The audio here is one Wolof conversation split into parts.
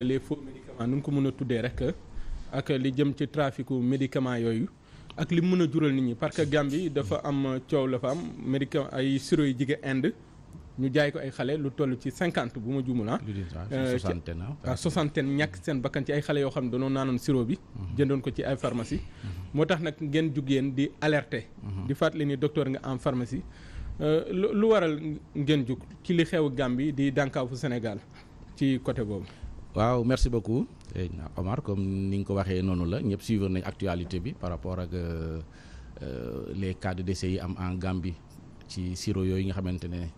les faux médicaments nu mu ko mën a tuddee rek ak li jëm ci traficu médicament yooyu ak li mën a jural nit ñi parce que Gambie dafa am coow la fa am médicament ay sirop yu jige Inde ñu jaay ko ay xale lu toll ci cinquante bu ma juumul ah. Euh, ah soixantaine ñàkk seen bakkan ci ay xale yoo xam ne dañoo naanoon sirop bi. Mhm. jëndoon ko ci ay pharmacie mhm. moo tax nag ngeen jug yéen di alerter. Mhm. di fàttali ni docteur nga en pharmacie. Euh, lu waral ngeen jug ci li xew Gambie di dànkaafu Sénégal ci côté boobu. waaw merci beaucoup eh, Omar comme ni nga ko waxee noonu la ñëpp suivre nañ actualité bi par rapport ak euh, euh, les cas de décès yi am en Gambie ci siro yooyu nga xamante ne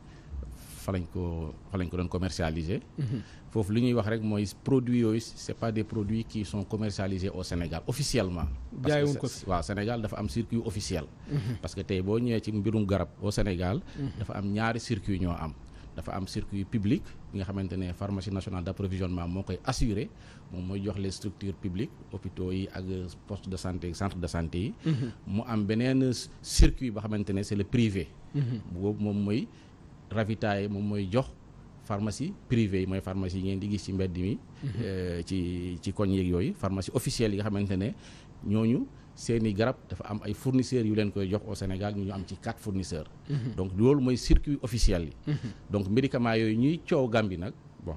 fa lañ ko fa lañ ko doon commercialiser. Mhm. foofu li ñuy wax rek mooy produits yooyu c'est pas des produits qui son commercialisés au Sénégal officiellement. jaayuñ ko waaw Sénégal dafa am circuit officiel. Mhm. parce que tey boo ñëwee ci mbirum garab au Sénégal. Mhm. dafa am ñaari circuit ñoo am. dafa am circuit public bi nga xamante ne pharmacie nationale d'approvisionnement moo koy assuré moom mooy jox les structures publiques hôpitaux yi ak poste de santé centre de santé yi mm-hmm. mu am beneen circuit boo xamante ne c'est le privé mm-hmm. boobu moom mooy ravitaay moom mooy jox pharmacie privée yi mooy pharmacie yi ngeen di gis ci mbedd mi mm-hmm. euh, ci ci koñ yooyu pharmacie officielle yi nga xamante ne ñooñu seeni garab dafa am ay fournisseurs yu leen koy jox au Sénégal ñu am ci quatre fournisseurs. Mhm. donc loolu mooy circuit officiel yi. Mhm. donc médicaments yooyu ñuy coow Gambie nag bon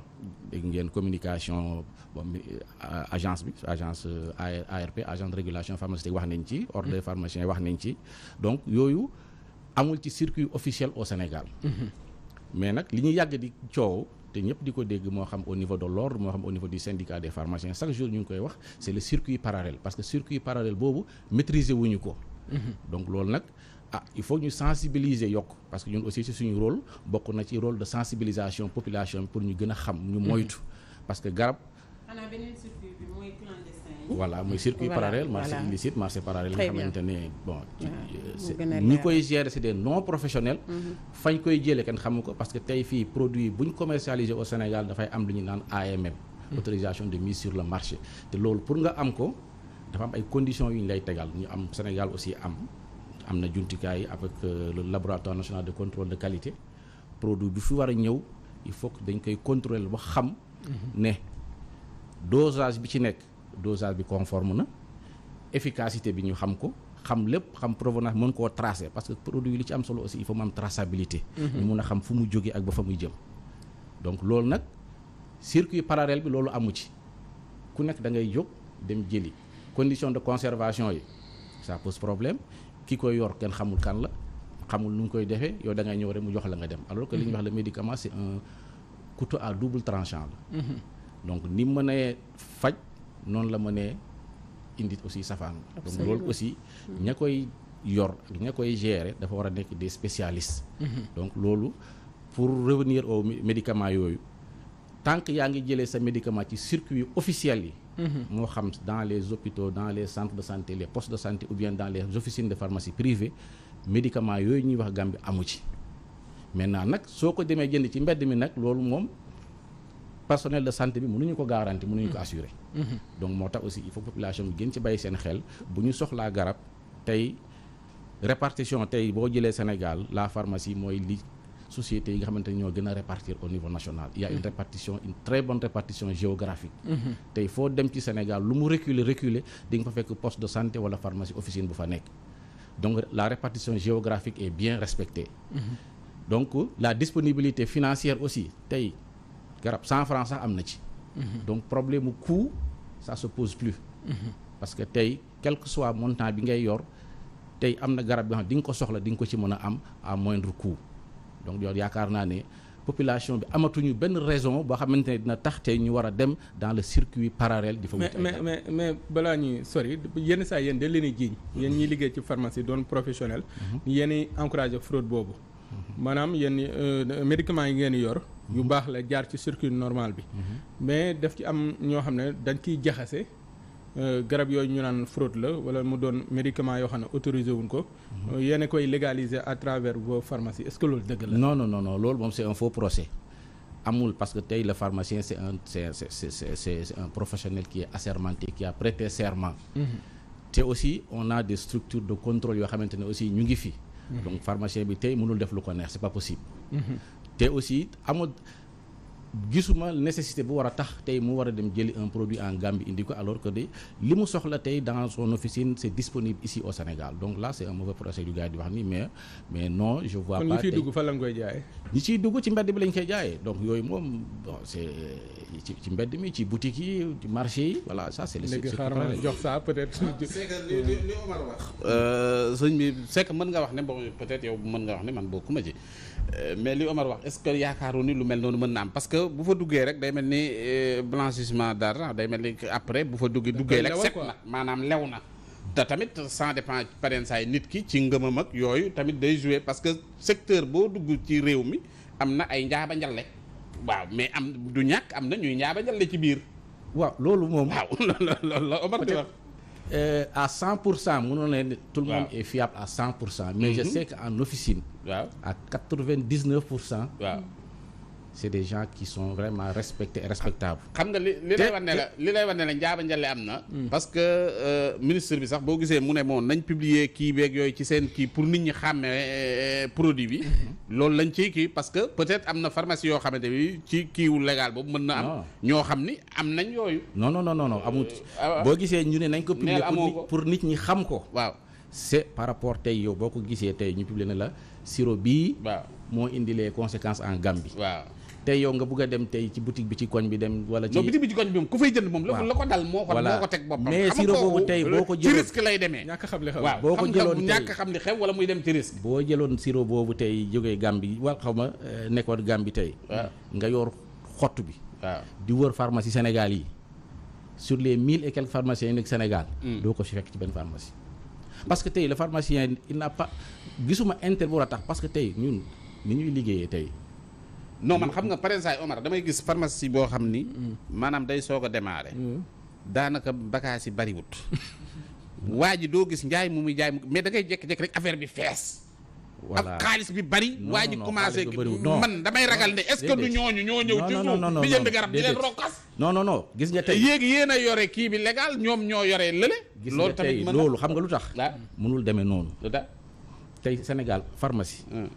dégg ngeen communication euh, agence bi agence euh, ARP agence de régulation pharmaceutique wax nañ ci. ordre mhm. des wax nañ ci donc yooyu amul ci circuit officiel au Sénégal. mais nag li ñuy yàgg di coow. te ñëpp di ko dégg moo xam au niveau de l'ordre moo xam au niveau du syndicat des pharmaciens chaque jour ñu ngi koy wax c'est le circuit parallèle parce que circuit parallèle boobu maîtriser wuñu ko mhm. donc loolu nag ah il faut ñu sensibiliser yokk parce que ñun aussi ci suñu role bokk na ci rôle de sensibilisation population pour ñu gën a xam ñu moytu mhm. parce que garab voilà muy circuit parallèle marché illicite marché parallèle nga xamante ne bon euh, ñi koy gérer c'est des non professionnels mhm. fañ koy jëlee kenn xamu ko parce que tey fii produit buñ ñu au Sénégal dafay am lu ñu naan AMM mhm. autorisation de mise sur le marché te loolu pour nga am ko dafa am ay conditions yu ñu lay tegal ñu am Sénégal aussi am am na jumtukaay yi avec euh, le laboratoire national de contrôle de qualité produit bi fi war a ñëw il faut que dañ koy contrôler ba xam mhm. ne bi ci nekk dosage bi conforme na efficacité bi ñu xam ko xam lépp xam provenance mën koo tracer parce que produit li ci am solo aussi il faut mu am traçabilité. Mhm. ñu mun a xam fu mu jógee ak ba fa muy jëm. donc loolu nag circuit parallèle bi loolu amu ci ku nekk da ngay jóg dem jëli condition de conservation yi ça pose problème ki koy yor kenn xamul kan la xamul nu ngi koy defee yow da ngay ñëw mu jox la nga dem. alors que li ñuy wax le mhm. médicament c'est un couteau à double tranchant noonu la mënee indi aussi safaan donc loolu aussi ña koy yor ak ña koy gérer dafa war a nekk des spécialistes mhm. donc loolu pour revenir au médicament yooyu tant yaa ngi jëlee sa médicament ci circuit officiel yi mhm. moo xam dans les hôpitaux dans les centres de santé les postes de santé ou bien dans les officines de pharmacie privée médicament yooyu ñuy wax Gambie amu ci maintenant nag soo ko demee jënd ci mbedd mi nag loolu moom personnel de santé bi mënuñu ko garanti mënuñu ko mm-hmm. assurer. Mm-hmm. donc moo tax aussi il faut population bi gën ci bàyyi seen xel bu ñu soxlaa garab tey répartition tey boo jëlee Sénégal la pharmacie mooy li société yi nga xamante ni ñoo gën a répartir au niveau national il y a une mm-hmm. répartition une très bonne répartition géographique tey foo dem ci Sénégal lu mu reculer reculer di nga fa fekk poste de santé wala pharmacie officine bu fa nekk donc la répartition géographique est bien respectée donc la disponibilité financière aussi tey garab cent franc sax am na ci mhm. donc problème mu coût ça pose plus mhm. parce que tey quel soit montant bi ngay yor tey am na garab yoo xam di nga ko soxla di nga ko ci mën a am à moindre coût donc yow yaakaar naa ne population bi amatuñu benn raison boo xamante ne dina tax tey ñu war a dem dans le circuit parallèle di fa mais mais mais balaa ñuy sori yenn saa yéen da leen a jiiñ yéen ñuy liggéey ci pharmacie doon professionnel mhm. yéen encouragé fraude boobu maanaam yéen euh, médicaments yi ngeen yor. yu mhm. baax la jaar ci circuit normal bi. Mhm. mais daf ci am ñoo xam ne dañ ciy jaxase euh, garab yooyu ñu naan fraude la wala mu doon médicament yoo xam ne autorisé wuñ ko. Mhm. Euh, yéen a koy légaliser à travers vos pharmacies est-ce que loolu dëgg la. non non non non loolu moom c'est un faux procès. amul parce que tey le pharmacien c'est un c'est c'est c'est un professionnel qui est assermenté qui a prêté serment. te aussi on a des structures de contrôle yoo xamante ne aussi ñu ngi fi. donc pharmacien bi tey mënul def lu ko neex c'est pas possible. Mm-hmm. te aussi amul gisuma nécessité bu war a tax tey mu war a dem jëli un produit en Gambie indi ko alors que de li mu soxla tey dans son officine c'est disponible ici au Sénégal donc là c'est un mauvais procès du gars di wax ni mais mais non je vois pas kon ñi ciy dugg fan lañ koy jaayee. ñi ciy dugg ci mbedd bi lañ koy jaaye donc yooyu moom bon c'est ci ci mbedd mi ci boutique yi ci marché yi voilà ça c'est le léegi jox ça peut-être. Ah, c'est que li li euh, bi c'est mën nga wax ne bon peut-être yow mën nga wax ne man bokkuma ci. Euh, mais li Omar wax est-ce que yaakaaroon ni lu mel noonu mën na am parce que bu fa duggee rek day mel ni euh, blanchissement d'argent day mel ni après bu fa duggee duggee rek set na maanaam lew na te tamit sans dépend parents ay nit ki ci ngëmam ak yooyu tamit day jouer parce que secteur boo dugg ci réew mi am na ay njaaba njalle waaw mais am du ñàkk am na ñuy njaaba njalle ci biir waaw loolu moom waaw loolu la Omar di wax euh, à cent pour cent mënoon ne tout le monde est fiable à cent pour cent mais je mhm. sais que en officine vingt à 99 pour cent waaw c'est des gens qui sont vraiment respectés et xam nga li li lay wan ne la li lay wan ne la njaaba njale am na. Hmm. parce que euh, ministre bi sax boo gisee mu ne moom nañ publier kii beeg yooyu ci seen kii pour nit ñi xàmmee euh, produit bi. Hmm. loolu lañ ciy kii parce que peut-être am na pharmacie yoo xamante bi ci kiiwu légal boobu mën na am. ñoo xam ni am nañ yooyu. non non non non amut euh, ah boo gisee ñu ne nañ ko. publier pour nit ñi xam ko. waaw c'est par rapport tey yow boo ko gisee tey ñu publier ne la sirop bii. waaw moo indi les conséquences en Gambie. tey yow nga bugg dem tey ci boutique bi ci koñ bi dem wala ci non boutique bi ci koñ bi moom ku fay jënd moom la ko dal moo ko moo ko teg boppam mais sirop boobu tey boo ko jëloon ñàkk xam li xew waaw boo ko jëloon tey ñàkk boo jëloon sirop boobu tey jógee Gambie wala xaw ma euh, nekkoon bi tey nga yor xott bi waaw di wër pharmacie Sénégal yi sur les mille et quelques pharmaciens yi nekk Sénégal hmm. doo ko si fekk ci benn pharmacie parce que tey le pharmacien il n'a pas gisuma intérêt bu war tax parce que tey ñun ni ñuy liggéeyee tey non man xam nga par exemple Omar damay gis pharmacie boo xam ni. Mm. maanaam day soog a démarré. Mm. daanaka bakaas yi bariwut. waa ji doo gis njaay mu muy jaay mais da ngay jékki-jékki rek affaire bi fees. voilà ak xaalis bi bari. waa ji commencé man damay ragal ne est-ce que du ñooñu ñoo ñëw. ci suuf bi jënd garab di leen rokkas. non non gis nga tey yéen a yore kii bi légal ñoom ñoo yore lële. loolu tamit loolu xam nga lu tax. Ah. mënul demee noonu. tey Sénégal pharmacie. Mm.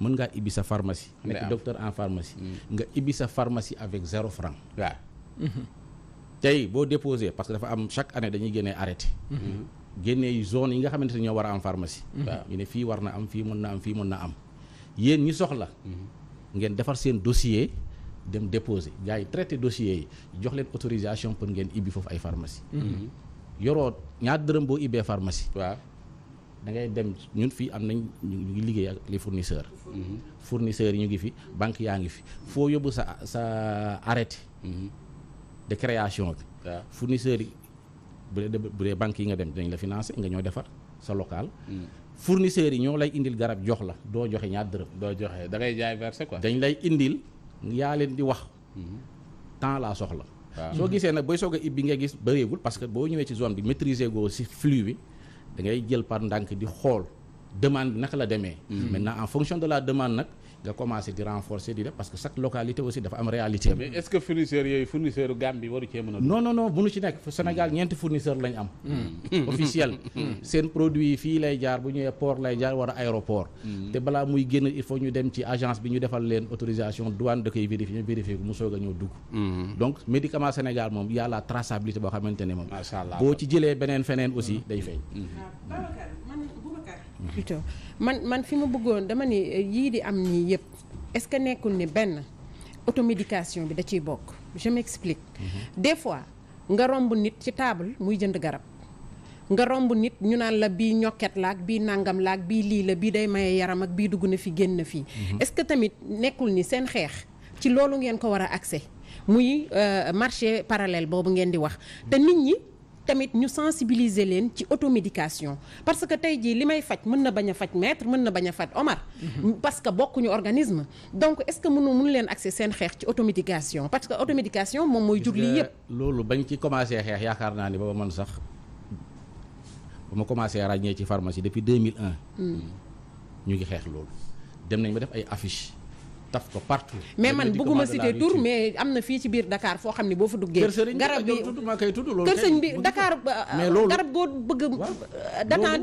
mën ngaa ibbi sa pharmacie. nekk docteur en pharmacie. Mm. nga ibbi sa pharmacie avec zéro franc. waaw. Mhm. tey boo déposé parce que dafa am chaque année dañuy génnee arrêté. Mhm. génnee zone yi nga xamante ne ñoo war a am pharmacie. Mhm. waaw ñu ne fii war na am fii mën na am fii mën na am. yéen ñi soxla. ngeen defar seen dossier dem déposé gars yi traité dossier yi jox leen autorisation pour ngeen ibbi foofu ay pharmacie. yoroo ñaar dërëm boo ibbee pharmacie. waaw da ngay dem ñun fii am nañ ñu ngi liggéey ak les fournisseur mhm. fournisseur yi ñu ngi fi banque yaa ngi fi foo yóbbu sa sa arrêté. Mhm. decréation création bi. waaw fournisseurs yi bu dee bu dee banques yi nga dem dañ la financer nga ñoo defar sa local. Mhm. fournisseur yi ñoo lay indil garab jox la doo joxe ñaar dërëm. doo joxe da ngay jaay verser quoi. dañ lay indil yaa leen di wax. temps laa soxla. soo gisee nag booy soog a bi nga gis bëreegul parce que boo ñëwee ci zone bi maîtriser goo si flux bi. da ngay jël par ndànk di xool demande bi naka la demee mm-hmm. maintenant en fonction de la demande nag nga commencé di renforcer di def parce que chaque localité aussi dafa am réalité. mais est-ce que fournisseurs yooyu fournisseur Gambie waru cee mën a. ci nekk Sénégal ñeenti fournisseur lañ am. Hmm. officiel. Hmm. seen produit yi fii lay jaar bu ñëwee port lay jaar war a aéroport. Hmm. te balaa muy génn il faut ñu dem ci agence bi ñu defal leen autorisation douane da koy vérifier vérifier ko mu soog a ñëw dugg. donc médicament Sénégal moom y a traçabilité boo xamante ne moom. macha allah boo ci jëlee beneen feneen aussi day feeñ. Ah, man man fi ma bëggoon dama ne eh, yii di am nii yëpp est-ce que nekkul ni benn automédication bi da ciy bokk je m'explique. Mhm. des fois nga romb nit ci taabul muy jënd garab. nga romb nit ñu naan la bi ñokket laak bii nangam laak bii lii la bii day maye yaram ak bii dugg na fi génn fii. Mhm. est-ce que tamit nekkul ni seen xeex ci loolu ngeen ko war a accès muy euh, marché parallèle boobu ngeen di wax mhm. te nit ñi. tamit ñu sensibiliser leen ci automédication parce que tey jii li may faj mën na bañ a faj maître mën na bañ a faj Omar. Mhm. parce que bokkuñu organisme. donc est-ce que mënu mënu leen accès seen xeex ci automédication parce que automédication moom mooy jur lii yëpp. loolu bañ ci commencé xeex yaakaar naa ni ba man sax ba ma commencé ràññee ci pharmacie depuis 2001. Hmm. ñu ngi xeex loolu dem nañ ba def ay affiches. taf ko partout. mais man bëgguma citer tur mais am na fii ci biir Dakar foo xam ne boo fa duggee. garab bi maa koy euh, garab goo bëgg euh, datant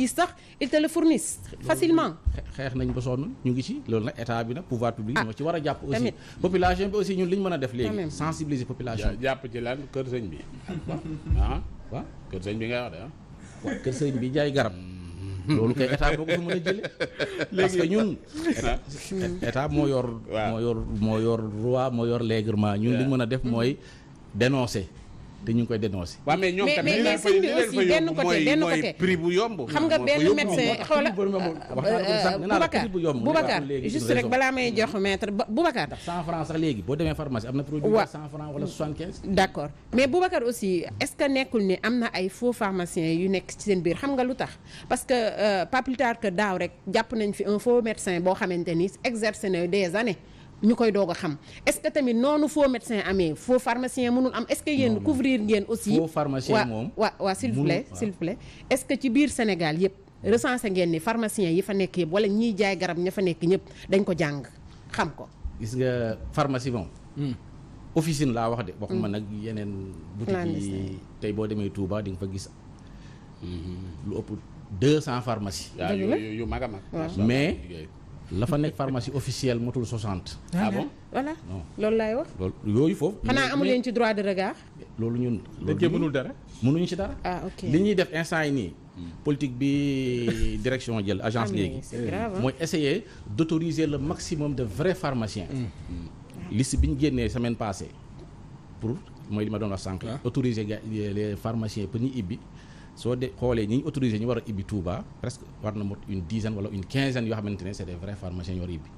de sax ils te le fournissent facilement. xeex nañ ba sonn ñu ngi ci loolu nag état bi nag pouvoir public ah, ñoo ci war a jàpp aussi population bi aussi ñun li mën a def léegi sensibiliser population bi jàpp ci lan kër bi ah bi nga wax de ah bi jaay garab loolu kay état boo ko fa mën a jële parce que ñun état moo yor moo yor moo yor loi moo yor règlement ñun li mën a def mm-hmm. mooy dénoncer te ñu ngi koy dénoncé. waaw mais ñoom mais sëñ bi aussi benn côté benn côté prix bu yomb. xam nga benn médecin xoola euh, euh, Boubacar Boubacar juste rek balaa may jox maître Boubacar. ndax 100 francs sax léegi boo demee pharmacie am na produit. waaw 100 francs wala 75. d'accord mais Boubacar aussi est que nekkul ni am na ay faux pharmaciens yu nekk ci seen biir xam nga lu tax parce que euh, pas plus que daaw rek jàpp nañ fi un faux médecin boo xamante ni exercé na des années. ñu koy doog a xam est-ce que tamit noonu faux médecin amee faux pharmacien mënul am est-ce que yéen couvrir ngeen aussi faux pharmacien moom waa waa s'il vous plaît s'il vous plaît est-ce que ci biir Sénégal yëpp recensé ngeen ni pharmacien yi fa nekk yëpp wala ñiy jaay garab ña fa nekk ñëpp dañ ko jàng xam ko gis nga pharmacie moom hmm. officine laa wax de waxuma hmm. nag yeneen boutique yi tey boo demee Touba di nga fa gis lu ëpp deux cent pharmacie yu mag a mag mais la fa nekk pharmacie officielle motul 60. Ah, ah bon voilà loolu laay wax. loolu yooyu foofu. xanaa amu leen ci droit de regard. loolu ñun. loolu dañ mënul dara. mënuñu ci dara. ah ok li ñuy def instant yi nii. politique bi direction jël agence ah, léegi. mooy essayer d' autoriser le maximum de vrais pharmaciens. Mm. Mm. liste bi ñu génnee semaine passée pour mooy li ma doon wax sànq. Ah. autoriser les pharmaciens pour ñu ibbi. soo de xoolee ñi ñu autorisé ñu war a ibbi Touba presque war na mot une dizaine wala une quinzaine yoo xamante ne c'est des vrais pharmaciens yu war a ibbi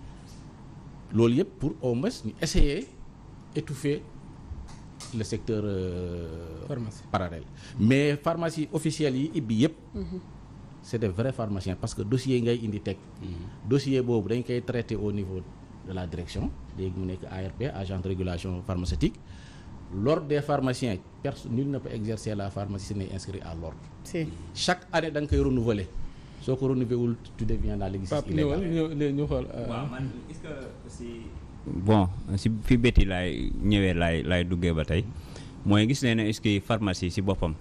loolu yëpp pour au moins ñu essayer étouffer le secteur. Euh, pharmacie parallèle mais pharmacie officielle yi ibbi yëpp. Mhm. c'est des vrais pharmaciens parce que dossier ngay indi teg. Mhm. dossier boobu dañ koy traité au niveau de la direction léegi mu nekk ARP agent de régulation pharmaceutique. l'ordre des pharmaciens personne nul ne peut exercer la pharmacie s'il n'est inscrit à l'ordre si. chaque année danga nga koy renouveler soo ko renouveler wul tu deviens dans l'exercice illégal ñu xool euh. waaw man bon si fi bétti laay ñëwee laay laay duggee ba tey mooy gis nañ ne est-ce que pharmacie si boppam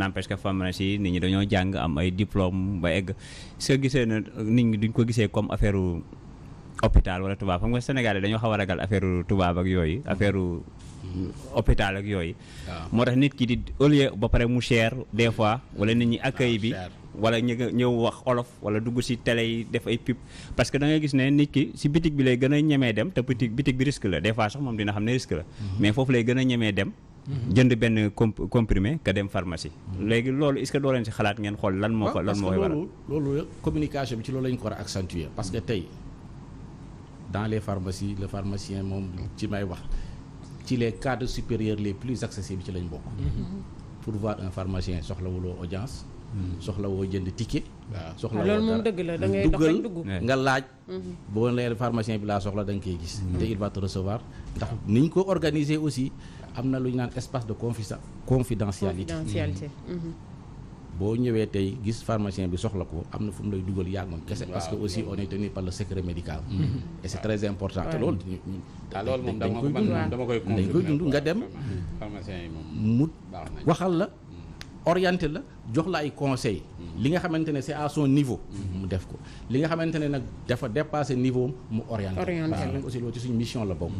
n'empêche que pharmacie nit ñi dañoo jàng am ay diplôme ba egg est-ce que gisee nit ñi duñ ko gisee comme affaire hôpital wala tubaab xam nga Sénégal yi dañoo xaw a ragal affaire tubaab ak yooyu mm. affaire hôpital ak yooyu. Ah. moo tax nit ki di au ba pare mu cher des mm. fois wala nit ñi ah, accueil bi. wala ñu ñëw wax olof wala dugg ci télé yi def ay pub parce que da gis ne nit ki ci bitig bi lay gën a ñemee dem te bitig bitig bi risque la des sax moom dina xam ne risque la. Mm-hmm. mais foofu lay gën a ñemee dem. Mm-hmm. jënd benn comprimé ka dem pharmacie. Mm-hmm. léegi loolu est-ce que doo leen xalaat ngeen xool lan moo ko. Ah, lan moo koy waral loolu loolu communication ko war a parce que tey dans les pharmacies le pharmacien moom ci may wax ci les cadres supérieurs les plus accessibles ci lañ bokk. Mm-hmm. Mm-hmm. pour voir un pharmacien soxlawuloo audience. Mm-hmm. soxlawoo jënd ticket. waaw soxlawoo ah, loolu moom nga laaj. boo nee pharmacien bi laa soxla da koy gis. te il va te recevoir ndax niñ ko organiser aussi am na lu ñu naan espace de confi confidentialité. boo ñëwee tey gis pharmacien bi soxla ko am na fu mu lay dugal yàgg moom kese parce que aussi on est tenu par le secret médical mm-hmm. et c'est très important te loolu ah, dañ koy dund dañ koy dund nga dem mu waxal la mm-hmm. orienté la jox la ay conseil mm-hmm. li nga xamante ne c'est à son niveau mu def ko li nga xamante ne nag dafa dépassé niveau mu orienté la aussi loolu ci suñu mission la bokk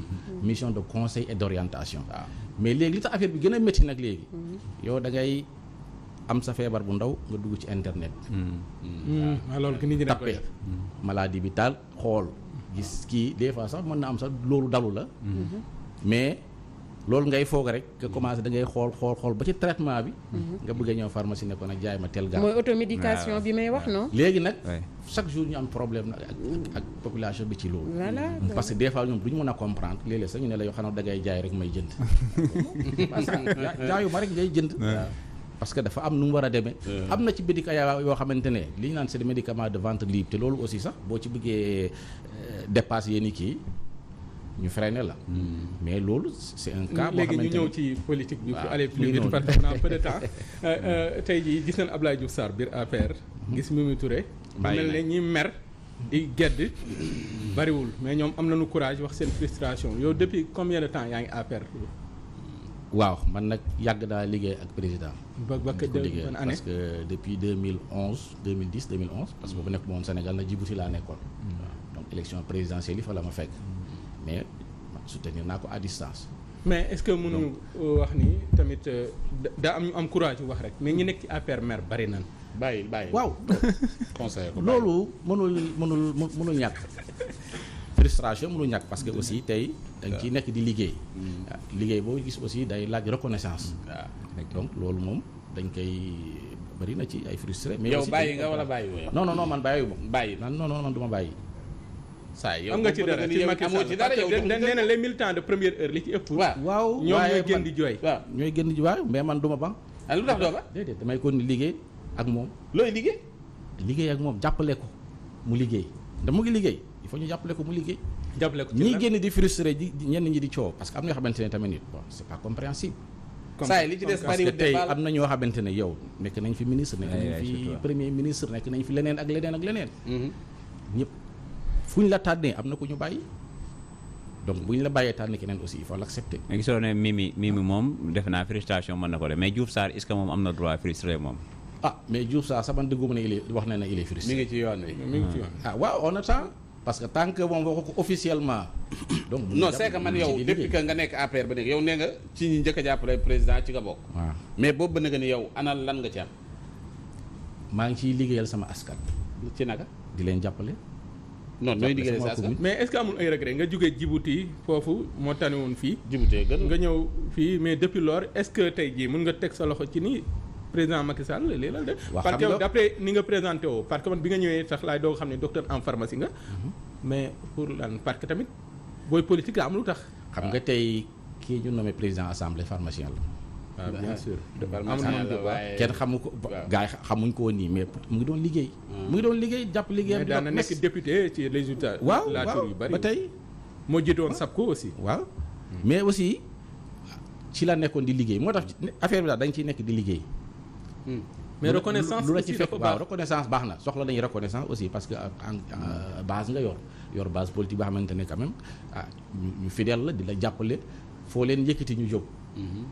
mission de conseil et d'orientation ah. mais léegi li tax affaire bi gën a me nag am sa feebar bu ndaw nga dugg ci internet. waaw hmm. hmm. hmm. ah, loolu ki nit ñi bi taal xool gis kii des fois sax mën na am sax loolu dalu la. Mhm. mais loolu ngay foog rek nga commencé da ngay xool xool xool ba ci traitement bi. nga bëgg a ñëw pharmacie ne ko nag jaay ma tel gaaw. mooy automédication bi may wax non. léegi nag chaque jour ñu am problème nag ak ak population bi ci loolu. voilà parce que des fois ñoom du ñu mën a comprendre léeg-léeg sax ne la yoo xam ne da ngay jaay rek may jënd. parce que parce que dafa am nu mu war a demee. Mm. am na ci médicament yoo xamante ne li ñu naan de vente libre te loolu aussi sax boo ci bëggee euh, dépasse yenn kii ñu freiné la. Mm. mais loolu c'est un cas. boo ñu ñëw ci politique bi. waaw ah, aller plus vite parce que on a peu de temps. Euh, euh, tey jii gis nañ Abdoulaye Diouf Sarr biir APR. Mm-hmm. gis Mimi ture bàyyi mel ne ñi mer. di gedd bariwul mais ñoom am na nañu courage wax seen frustration yow depuis combien de temps yaa ngi APR. waaw man nag yàgg naa liggéey ak président. ba ba ko liggéey parce mille depuis 2011 2010 2011. parce que boobu nekk moom Sénégal na Djibouti laa nekkoon. Hmm. waaw donc élection présidentielle yi fa la ma fekk. Hmm. mais soutenir naa ko à distance. mais est-ce que mënu wax ni tamit euh, daa am ñu am courage wax rek mais ñi nekk ci APR maire bari nañ. bàyyi bàyyi waaw conseil loolu mënul mënul mënul ñàkk. frustration mënu ñàkk parce que aussi tey da nga nekk di liggéey mm. ah, liggéey boo gis aussi day laaj reconnaissance waaw ah, donc loolu moom dañ koy bari na ci ay frustré mais yow bàyyi nga wala bàyyi woo non non non man bàyyi ma bàyyi man non non man du ma bàyyi saa yow am nga ci dara ci Macky Sall nee na de première heure li ci ëpp waaw ñooy gën di jooy waaw ñooy gën di man du ma ba ah, lu tax doo ba déedéet damay kon ni liggéey ak moom looy liggéey liggéey ak moom jàppale ko mu liggéey dama ngi liggéey il faut ñu jàppale ko mu liggéey. jàppale ko ci génn di frustré ñenn ñi di coow parce que am na ñoo xamante ne yow nekk nañ fi ministre nekk nañ fi premier ministre nekk nañ fi leneen ak leneen ak leneen. Mm-hmm. ñëpp fu ñu la tànnee am na ko ñu bàyyi. donc bu ñu la bàyyee tànn keneen aussi il faut l'accepter. mais gisoo ne Mimi Mimi moom defe naa frustration mën na ko def mais Diouf Sarr est moom am na droit frustré moom. ah mais Diouf Sarr sama dëgguma ne il est wax parce que tant que moom ko ko officiellement. donc non c'est man yow depuis que nga nekk APR ba nekk yow nee nga ci ñi njëkk jàppale président ci nga bokk. waaw mais boobu ba nga ni yow ana lan nga ci am. maa ngi ciy liggéeyal sama askan. ci naka. di leen jàppale. non nooy liggéeyal sa askan mais est-ce amul ay regret nga jógee Djibouti foofu moo tane woon fii. Djibouti gën nga ñëw fii mais depuis lors est-ce que tey jii mën nga teg sa loxo ci nii. président Macky Sall lii la de. parce que d'après ni nga présenté woo parce que man bi nga ñëwee sax laay doog xam ne docteur en pharmacie nga. Mhm. mais pour lan parce que tamit booy politique am lu tax. xam nga tey kii ñu nommé président assemblée pharmacien la. Ah, ah. waaw bien sûr waaye kenn xamu ko gars xamuñ ko woon nii mais mu ngi doon liggéey. Ah. mu ngi doon liggéey jàpp liggéeyam. mais daan na nekk député ci résultat. waaw waaw ba tey. moo jiite woon SAPCO aussi. waaw hmm. mais aussi ci la nekkoon di liggéey moo tax affaire bi daal dañ ciy nekk di liggéey. mais reconnaissance lu la ci fekk waaw reconnaissance baax na soxla nañu reconnaissance aussi parce que euh, en euh, base nga yor yor base politique boo xamante ne quand même ah ñu fidèle la di la jàppale foo leen yëkkati ñu jóg. Mhm.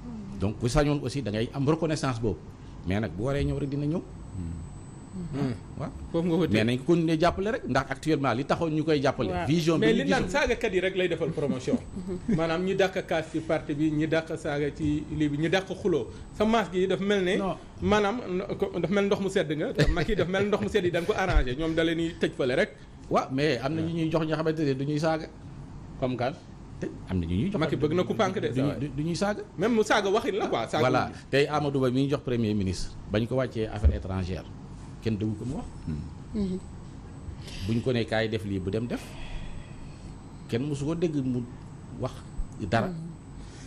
donc ku sañoon aussi da ngay am reconnaissance boobu mais nag bu waree ñëw rek dina ñëw. Mhm. waaw hmm. hmm. foofu nga ko mais nañ ko ne jàppale rek ndax actuellement li taxoon ñu koy jàppale. vision bi mais li naan saagakat yi rek lay defal promotion. maanaam ñi dàq kaas ci parti bi ñi dàq saaga ci lii bi ñi dàq xuloo sa maas gi daf mel ne. maanaam daf mel ndox mu sedd nga te mag yi mel ndox mu sedd yi dañ ko arrangé ñoom da leen tëj fale rek. waaw mais am na ñu ñuy jox ña xamante ne du ñuy saaga comme kan. am na ñu ñuy jox Macky bëgg na ku pànk de du ñuy saaga même mu saaga waxin la quoi. saaga voilà tey Amadou mi ñu jox premier ministre bañ ko wàccee affaires étrangères kenn déggu ko mu wax. Mm-hmm. bu ñu ko nee kaay def lii bu dem def kenn mosu ko dégg mu wax dara. Mm-hmm.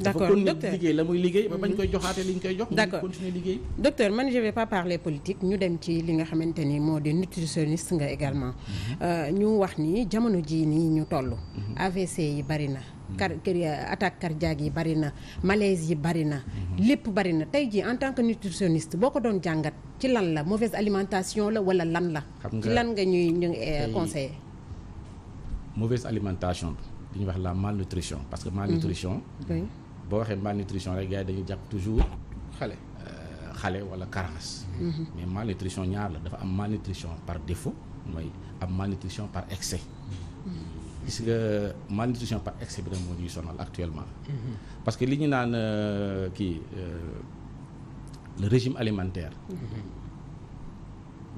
d'accord docteur dafa liggéey la muy liggéey ba bañ mm-hmm. koy joxaate liñ koy jox. d'accord continuer liggéey. docteur man je vais pas parler ñu dem ci li nga xamante ni moo di nutritionniste nga également mm-hmm. euh, ñu wax ni jamono jii nii ñu toll. Mm-hmm. AVC yi bari na. car attaque cardiaque yi bari na malaise yi bari na. lépp bari na tey jii en tant que nutritionniste boo ko doon jàngat ci lan la mauvaise alimentation la wala lan la. ci lan nga ñuy ñu euh, conseiller. mauvaise alimentation bi li ñuy wax la malnutrition parce que nutrition boo waxee malnutrition rek gars yi dañuy jàpp toujours xale euh, xale wala carence mhm. mais malnutrition ñaar la dafa am malnutrition par défaut mooy am malnutrition par excès mhm. gis nga malnutrition par excès bi da moo ñuy sonal actuellement mhm. parce que li ñu naan euh, kii euh, le régime alimentaire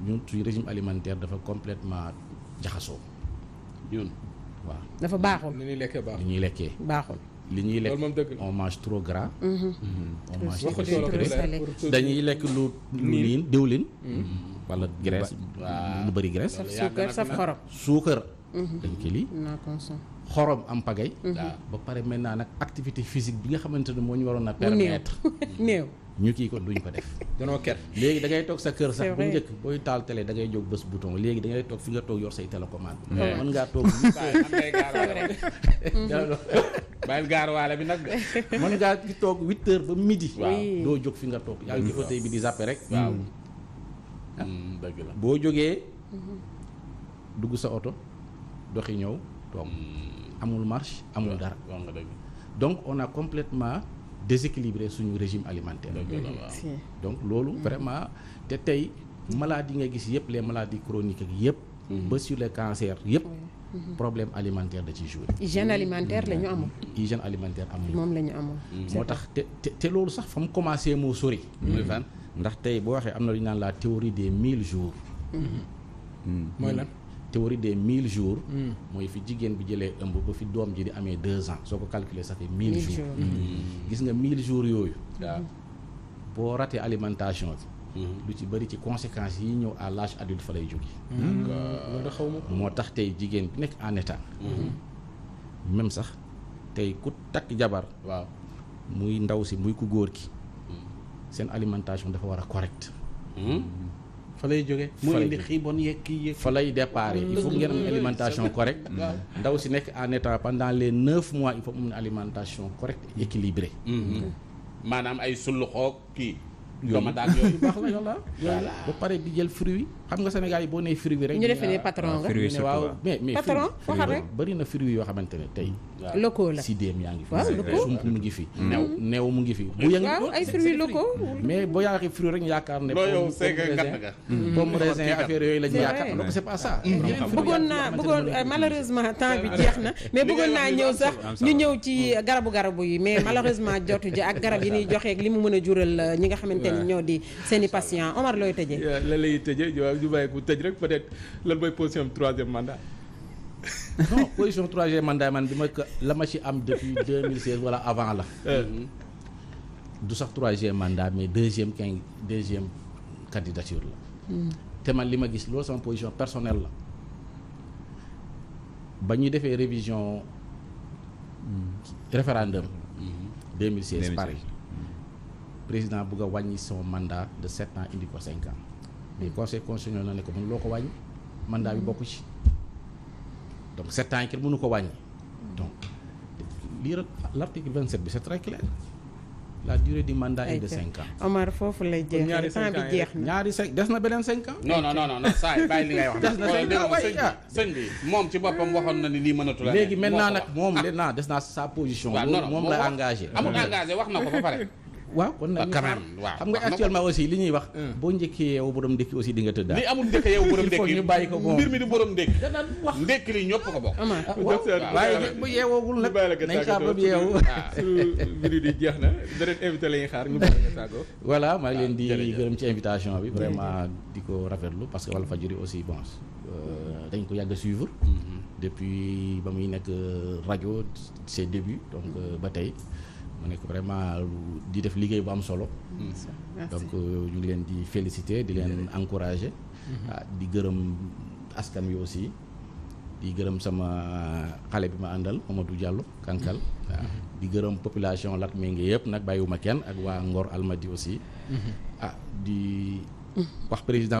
ñun suñu régime alimentaire dafa complètement jaxasoo ñun waaw dafa baaxul ni ñuy lekkee baaxul ñuy lekkee baaxul li ñuy lekk on trop gras. on mange trop dañuy lekk lu lu liin diwlin. Mhm. wala graisse lu bëri graisse. suukar saf xorom suukar. Mhm. dañ ki lii xorom am pagay. Mhm. ba pare maintenant nag activité physique bi nga xamante ne moo ñu waroon a permettre néew ñu kii kon duñ ko def. danoo ker léegi da ngay toog sa kër sax bu njëkk booy taal télé da ngay jóg bés bouton léegi da ngay toog fi nga toog yor say télécommande. mën ngaa toog. bàyyil gaaruwaale bi nag de mën ngaa ci toog huit heures ba midi waaw doo jóg fi nga toog yaa ngi ci oto bi di zappe rek waaw hmm. Hmm, boo jógee mhm. dugg sa oto doxi ñëw toog hmm. amul marche amul dara donc on a completement déséquilibré suñu régime alimentaire donc loolu vraiment te tey maladies yi nga gis yëpp les maladies chroniques yëpp ba sur les cancers yëpp Mhm. problème alimentaire da ciy joué. hygiène alimentaire la ñu amoon. hygiène alimentaire amuñu moom la ñu amoon. moo tax te te te loolu sax fa mu commencé moo sori. Mhm. muy ndax tey boo waxee am na lu ñu naan la théorie des mille jours. Mhm. mooy lan. théorie des mille jours. mooy fi jigéen bi jëlee ëmb ko fi doom ji di amee deux ans soo ko calculer ça fait mille jours. gis nga mille jours yooyu. waaw boo ratee alimentation bi. lu ci bëri ci conséquences yi ñëw à l'âge adulte fa lay jóge hmm. euh, xaw ma moo tax tey jigéen bi nekk en état hmm. même sax tey ku takk jabar waaw muy ndaw si muy ku góor ki hmm. seen alimentation dafa war a correct fa lay jóge mu indi xiibon kii yeeg fa lay départ il faut ngeen am alimentation correcte ndaw si nekk en état pendant leen neuf mois il faut am alimentation correcte équilibrée maanaam ay sullu xoog kii yooyu doomadaal yooyu baax la yooyu la ba pare di jël fruit xam nga Sénégal yi boo nee fruit bi rek. ñu defee ne ah, patron nga fruit surtout waaw mais mais. patron waxal rek bëri na fruit yoo xamante ne tey. Hmm. locaux la sidéem yaa ngi fi. waaw locaux mu ngi fi. Hmm. new new mu ngi fi. bu yëngu waaw ay fruits locaux. mais boo yaakaar fruit rek yaakaar ne. loolu yow c'est que gàtt ga. Hmm. pomme raisin affaire yooyu lañu yaakaar alors que c'est pas ça. bëggoon naa bëggoon euh, malheureusement temps bi jeex na mais bëggoon naa ñëw sax ñu ñëw ci garabu garabu yi mais malheureusement jotu ji ak garab yi ñuy joxe ak li mu mën a jural euh, ñi nga xamante ni ñoo di seeni patient Omar looy tëjee ñu bàyyi ko tëj peut-être lan mooy position troisième mandat. non position man bi ma la ma ci am depuis 2016 wala avant la. Eh. Mhm. du sax troisième mandat mais deuxième quin deuxième candidature la. Hmm. te man li ma gis loolu sama position personnelle la ba ñu defee révision référendum. 2016 hmm. Paris président bëgg a wàññi sama mandat de sept ans indi ko cinq mais conseil constitutionnel na ne ko mënu loo ko wàññi mandat bi bokk ci donc sept ans yi mënu ko wàññi donc lii rek l' article bi c' est très clair la durée du mandat est de cinq ans. Omar foofu lay jeexee temps bi jeex na ñaari cinq des na beneen cinq ans. non non non bàyyi li ngay wax. des na cinq ans moom ci boppam waxoon na ni lii mënatul léegi maintenant nag moom des naa des naa sa position. waaw moom la engagé. amul engagé wax na ko ba pare. waaw kon nag ah, quand waaw xam nga actuellement aussi li ñuy wax hmm. boo njëkkee yow borom ndékki aussi di nga tëdd li amul ndékk yow borom ndékki bàyyi ko mbir mi borom ndékki danaan wax ndékki li ñëpp ko bokk waaye bu yeewoogul nag nañ xaar yeewu ah, mbir di jeex na deret invité lañuy xaar ñu bàyyi maa ngi leen di ah, gërëm ci invitation bi vraiment di ko rafetlu parce que Walfadjri aussi bon euh, dañ ko yàgg a suivre mm-hmm. depuis ba muy nekk euh, rajo ses débuts donc euh, ba tey mu nekk vraiment di def liggéey bu am solo. donc euh, ñu ngi leen di féliciter di leen encourager. Mhm. Ah, di gërëm askan wi aussi di gërëm sama xale bi ma àndal Mamadou Diallo Kankal. Mhm. Ah, di gërëm population Latmingué yëpp nag bàyyiwuma kenn ak waa Ngor Almadi aussi. Mhm. ah di wax président.